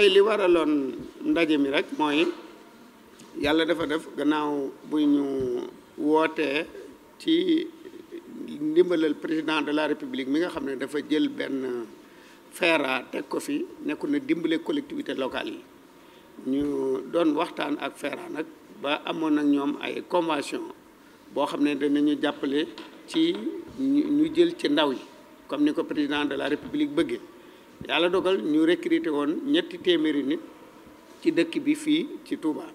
tey li waraloon ndaje mi rek mooy yàlla dafa def gannaaw bu ñu wootee ci ndimbalal président de la république mi nga xam ne dafa jël benn feera teg ko fi nekku na dimbale collectivité locale yi ñu doon waxtaan ak feera nag ba amoon ak ñoom ay convention boo xam ne danañu jàppale ci ñu jël ci ndaw yi comme ni ko président de la république bëggee yàlla dogal ñu recrité woon ñetti téeméeri nit ci dëkk bi fii ci Touba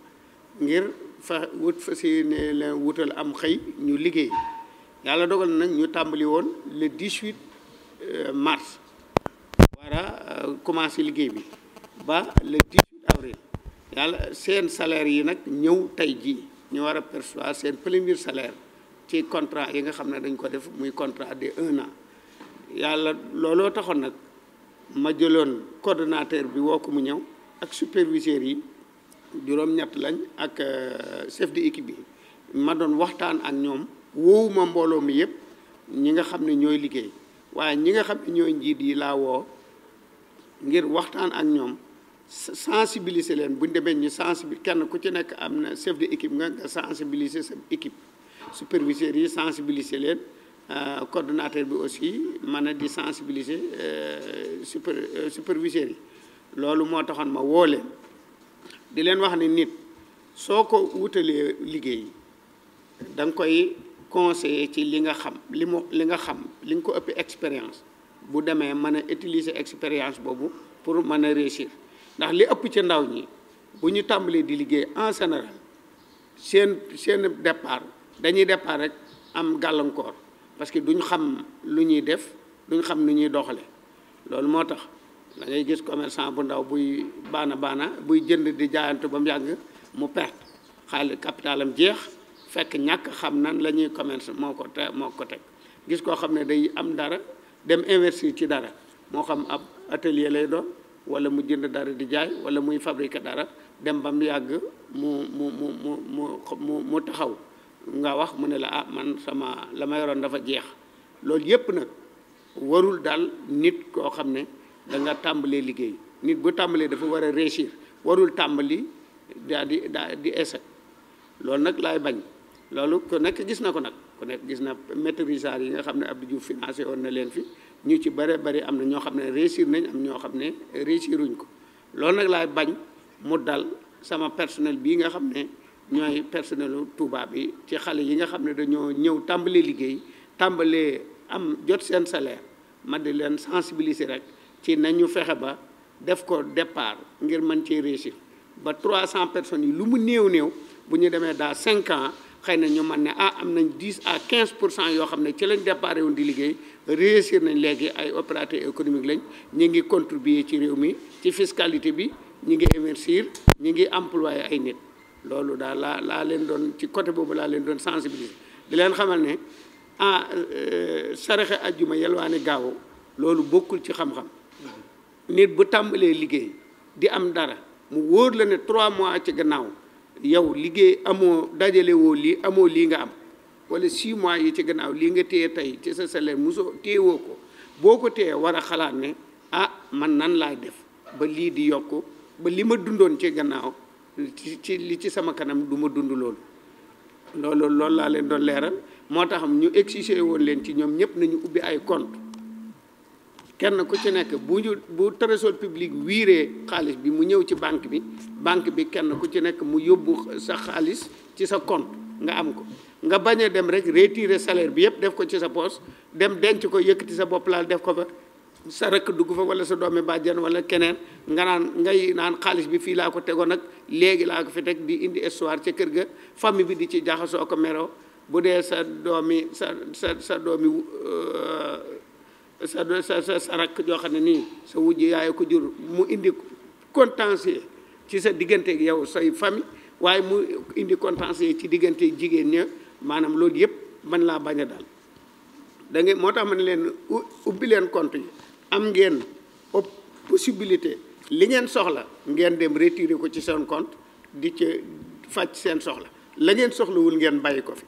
ngir fa wut fa si ne wutal am xëy ñu liggéey yàlla dogal nag ñu tàmbali woon le 18 euh, mars wara euh, commencé liggéey bi ba le 18 avril yàlla seen salaire yi nag ñëw tey jii ñu war a percevoir seen premier salaire ci contrat yi nga xam ne dañ ko def muy contrat de un an yàlla looloo taxoon nag ma jëloon coordonnateur bi woo ko mu ñëw ak superviseurs yi juróom-ñett lañ ak euh, chef de équipe bi ma doon waxtaan ak ñoom woowuma mbooloo mi yëpp ñi nga xam ne ñooy liggéey waaye ñi nga xam ne ñooy njiit yi laa woo ngir waxtaan ak ñoom sensibiliser leen buñ demee ñu sensibiliser kenn ku ci nekk am na chef de équipe nga nga sensibiliser sa équipe superviseurs yi sensibiliser leen Euh, coordonnateur bi aussi mën a di sensibiliser euh, super euh, superviseurs yi loolu moo taxoon ma woo leen di leen wax ni nit soo ko wutalee liggéey da nga koy conseiller ci li nga xam li mu li nga xam li nga ko ëpp expérience bu demee mën a utiliser expérience boobu pour mën a réussir ndax li ëpp ci ndaw ñi bu ñu tàmbalee di liggéey en général seen seen départ dañuy départ rek am gàllankoor parce que duñ xam lu ñuy def duñ xam ni ñuy doxale loolu moo tax da ngay gis commerçant bu ndaw buy baana baana buy jënd di jaayante ba mu yàgg mu perte xaalis capitalam jeex fekk ñàkk xam nan la ñuy commerce moo ko te moo ko teg gis koo xam ne day am dara dem investir ci dara moo xam ab atelier lay doon wala mu jënd dara di jaay wala muy fabriquer dara dem ba mu yàgg mu mu mu mu mu mu taxaw nga wax mu ne la ah man sama la ma yoroon dafa jeex loolu yépp nag warul daal nit koo xam ne da tàmbalee liggéey nit bu tàmbalee dafa war a réussir warul tàmbali daa di daa di échec loolu nag laay bañ loolu ku nekk gis na ko nag ku nekk gis na maîtrisards yi nga xam ne Abdou Diouf financé woon na leen fi ñu ci bare bari am na ñoo xam ne réussir nañ am ñoo xam ne réussiruñ ko loolu nag laay bañ mu dal sama personnel bii nga xam ne ñooy personnelu Touba bi ci xale yi nga xam ne dañoo ñëw tàmbalee liggéey tàmbalee am jot seen salaire ma di leen sensibiliser rek ci nañu fexe ba def ko départ ngir mën cee réussir ba 300 personnes yi lu mu néew néew bu ñu demee daa 5 ans xëy na ñu mën ne ah am nañ 10 à quinze pour cent yoo xam ne ci lañ départ woon di liggéey réussir nañ léegi ay opérateurs économiques lañ ñu ngi contribuer ci réew mi ci fiscalité bi ñu ngi investir ñu ngi emploi ay nit. loolu daal laa laa leen doon ci côté boobu laa leen doon sensibiliser di leen xamal ne ah euh, saraxe ajjuma yelwaane gaaw loolu bokkul ci xam-xam nit bu tàmbalee liggéey di am dara mu wóor la ne trois mois ci gannaaw yow liggéey amoo dajale woo lii amoo lii nga am wala six mois yi ci gannaaw lii nga téye tey ci sa salaire musoo téyewoo ko boo ko téye war a xalaat ne ah man nan laay def ba lii di yokk ba li ma dundoon ci gannaaw ci ci li ci sama kanam du ma dund loolu loolu loolu laa leen doon leeral moo tax ñu exigé woon leen ci ñoom ñëpp nañu ubbi ay compte kenn ku ci nekk bu ñu bu trésor public wiiree xaalis bi mu ñëw ci banque bi banque bi kenn ku ci nekk mu yóbbu sa xaalis ci sa compte nga am ko nga bañ a dem rek retirer salaire bi yëpp def ko ci sa poche dem denc ko yëkk yëkkati sa bopp laal def ko fa sa rakk dugg fa wala sa doomi bàjjan wala keneen nga naan ngay naan xaalis bi fii laa ko tegoon nag léegi laa ko fi teg di indi histoire ca kër ga famille bi di ci jaxasoo ko meroo bu dee sa doomi sa sa sa doomi sa sa sa rakk joo xam ne nii sa wujj yaay ko jur mu indi contentieux ci sa digganteeg ak yow say famille waaye mu indi contentieux ci diggante jigéen ña maanaam loolu yëpp man laa bañ a daal da nga moo tax ma ne leen ubbi leen compte yi am ngeen possibilité li ngeen soxla ngeen dem retirer ko ci seen compte di ci fàcc seen soxla la ngeen soxlawul ngeen bàyyi ko fi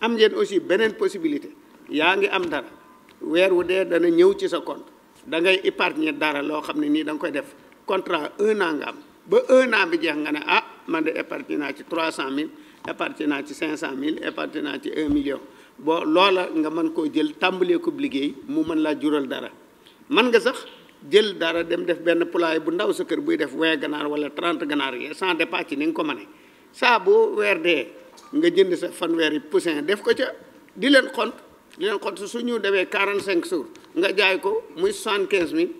am ngeen aussi beneen possibilité yaa ngi am dara weer wu dee dana ñëw ci sa compte da ngay épargner dara loo xam ne nii da nga koy def contrat un an nga am ba un an bi jeex nga ne ah man de épargner naa ci trois cent mille épargner naa ci cinq cent mille épargner naa ci un million boo loola nga mën koo jël tàmbalee ko liggéey mu mën laa jural dara man nga sax jël dara dem def benn poulailler bu ndaw sa kër buy def vingt ganaar wala trente ganaar yi sans départ ci ni nga ko mënee saa boo weer dee nga jënd sa fanweeri poussin def ko ca di leen xont di leen xont su ñu demee quarante cinq jours nga jaay ko muy soixante quinze mille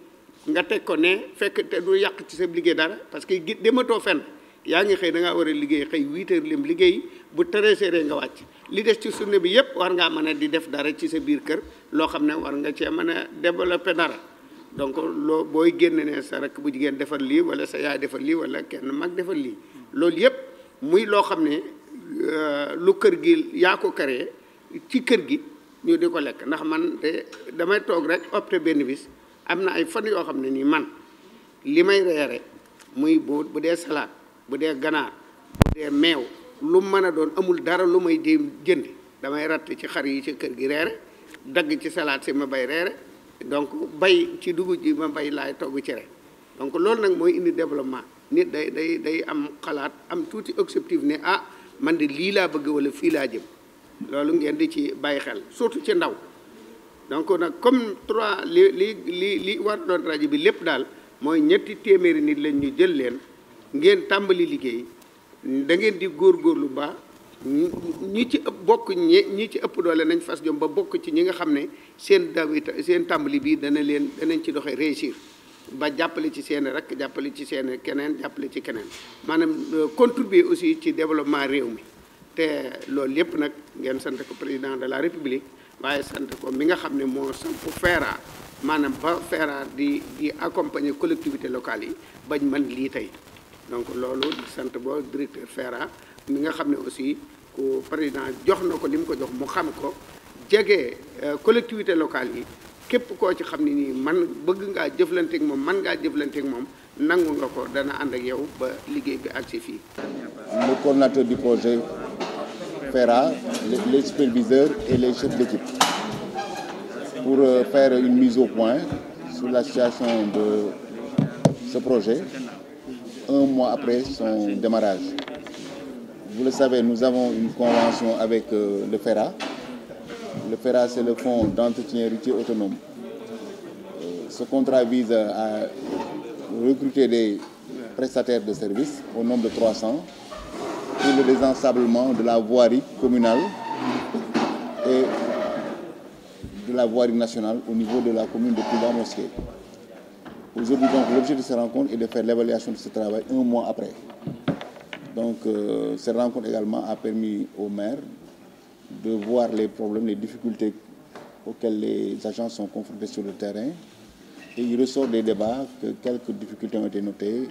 nga teg ko ne fekk te du yàq ci sa liggéey dara parce que dematoo fenn yaa ngi xëy da ngaa war a liggéey xëy huit heures lim liggéey bu treize heures nga wàcc li des ci journée bi yëpp war ngaa mën a di def dara ci sa biir kër loo xam ne war nga cee mën a développer dara donc loo booy génne ne sa rakk bu jigéen defar lii wala sa yaay defar lii wala kenn mag defar lii loolu yëpp muy loo xam ne euh, lu kër gi yaa ko créé ci kër gi ñu di ko lekk ndax man te damay toog rek opté benn bis am na ay fan yoo xam ne nii man li may reere muy bu bu dee salade bu dee ganaar bu dee meew lu mën a doon amul dara lu may dem jënd damay ratt ci xar yi ci kër gi reere dagg ci salaat si ma bay reere donc bay ci dugub ji ma bay laay togg cere donc loolu nag mooy indi développement nit day day day am xalaat am tuuti objectif ne ah man de lii laa bëgg wala fii laa jëm loolu ngeen di ci bàyyi xel surtout ci ndaw donc nag comme trois li li li li war doon rajo bi lépp daal mooy ñetti téeméeri nit lañ ñu jël leen ngeen tàmbali liggéey da ngeen di góorlu ba ñi ci ëpp bokk ñi ñi ci ëpp doole nañ fas jom ba bokk ci ñi nga xam ne seen daw seen tàmbali bii dana leen danañ ci doxee réussir ba jàppale ci seen rek jàppale ci seen keneen jàppale ci keneen maanaam euh, contribuer aussi ci développement réew mi te loolu yépp nag ngeen sant ko président de la république waaye sant ko mi nga xam ne moo samp FERA maanaam ba FERA di di accompagner collectivité locales yi bañ mën lii tey donc loolu sant boo directeur FERA mi nga xam ne aussi président jox na ko li mu ko jox mu xam ko jege euh, collectivité locale yi képp koo ci xam ne nii man bëgg ngaa jëflanteeg moom man ngaa jëflanteeg moom nangu nga ko dana ànd ak yow ba liggéey bi ak si fii. le coordinateur du projet FERA les superviseurs et les chefs d'équipe pour euh, faire une mise au point sur la situation de ce projet. un mois après son démarrage. Vous le savez, nous avons une convention avec euh, le FERA. Le FERA, c'est le Fonds d'entretien routier autonome. Euh, ce contrat vise à recruter des prestataires de services au nombre de 300 pour le désensablement de la voirie communale et de la voirie nationale au niveau de la commune de Touba Mosquée. Aujourd'hui, donc, l'objet de ces rencontres est de faire l'évaluation de ce travail un mois après. Donc, euh, cette rencontre également a permis aux maires de voir les problèmes, les difficultés auxquelles les agences sont confrontées sur le terrain. Et il ressort des débats que quelques difficultés ont été notées,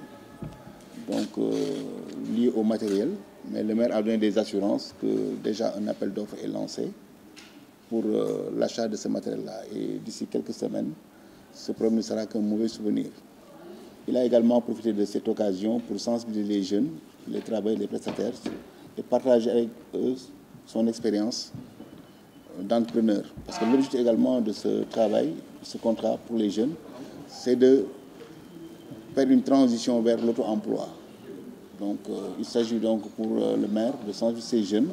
donc euh, liées au matériel. Mais le maire a donné des assurances que déjà un appel d'offres est lancé pour euh, l'achat de ce matériel-là. Et d'ici quelques semaines, ce problème ne sera qu'un mauvais souvenir. Il a également profité de cette occasion pour sensibiliser les jeunes, les travailleurs, les prestataires et partager avec eux son expérience d'entrepreneur. Parce que l'objectif également de ce travail, de contrat pour les jeunes, c'est de faire une transition vers l'auto-emploi. Donc euh, il s'agit donc pour euh, le maire de sensibiliser ces jeunes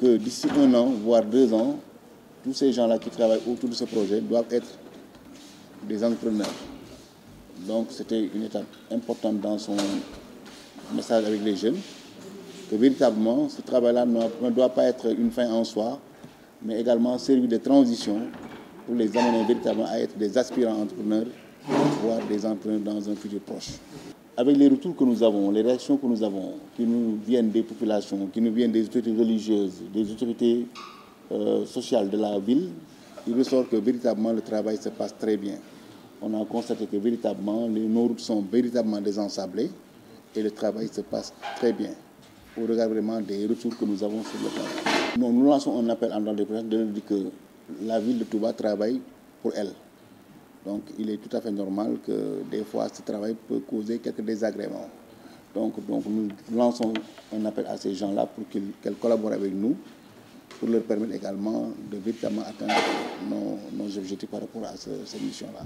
que d'ici un an, voire deux ans, tous ces gens-là qui travaillent autour de ce projet des entrepreneurs. Donc c'était une étape importante dans son message avec les jeunes, que véritablement ce travail-là ne doit pas être une fin en soi, mais également servir de transition pour les amener véritablement à être des aspirants entrepreneurs, voire des entrepreneurs dans un futur proche. Avec les retours que nous avons, les réactions que nous avons, qui nous viennent des populations, qui nous viennent des autorités religieuses, des autorités euh, sociales de la ville, il ressort que véritablement le travail se passe très bien. On a constaté que véritablement les, nos routes sont véritablement désensablées et le travail se passe très bien au regard vraiment des retours que nous avons sur le terrain. Non, nous lançons un appel en dehors des de leur dire que la ville de Touba travaille pour elle. Donc il est tout à fait normal que des fois ce travail peut causer quelques désagréments. Donc, donc nous lançons un appel à ces gens-là pour qu'ils, qu'elles collaborent avec nous pour leur permettre également de véritablement atteindre nos, nos objectifs par rapport à ce, cette mission-là.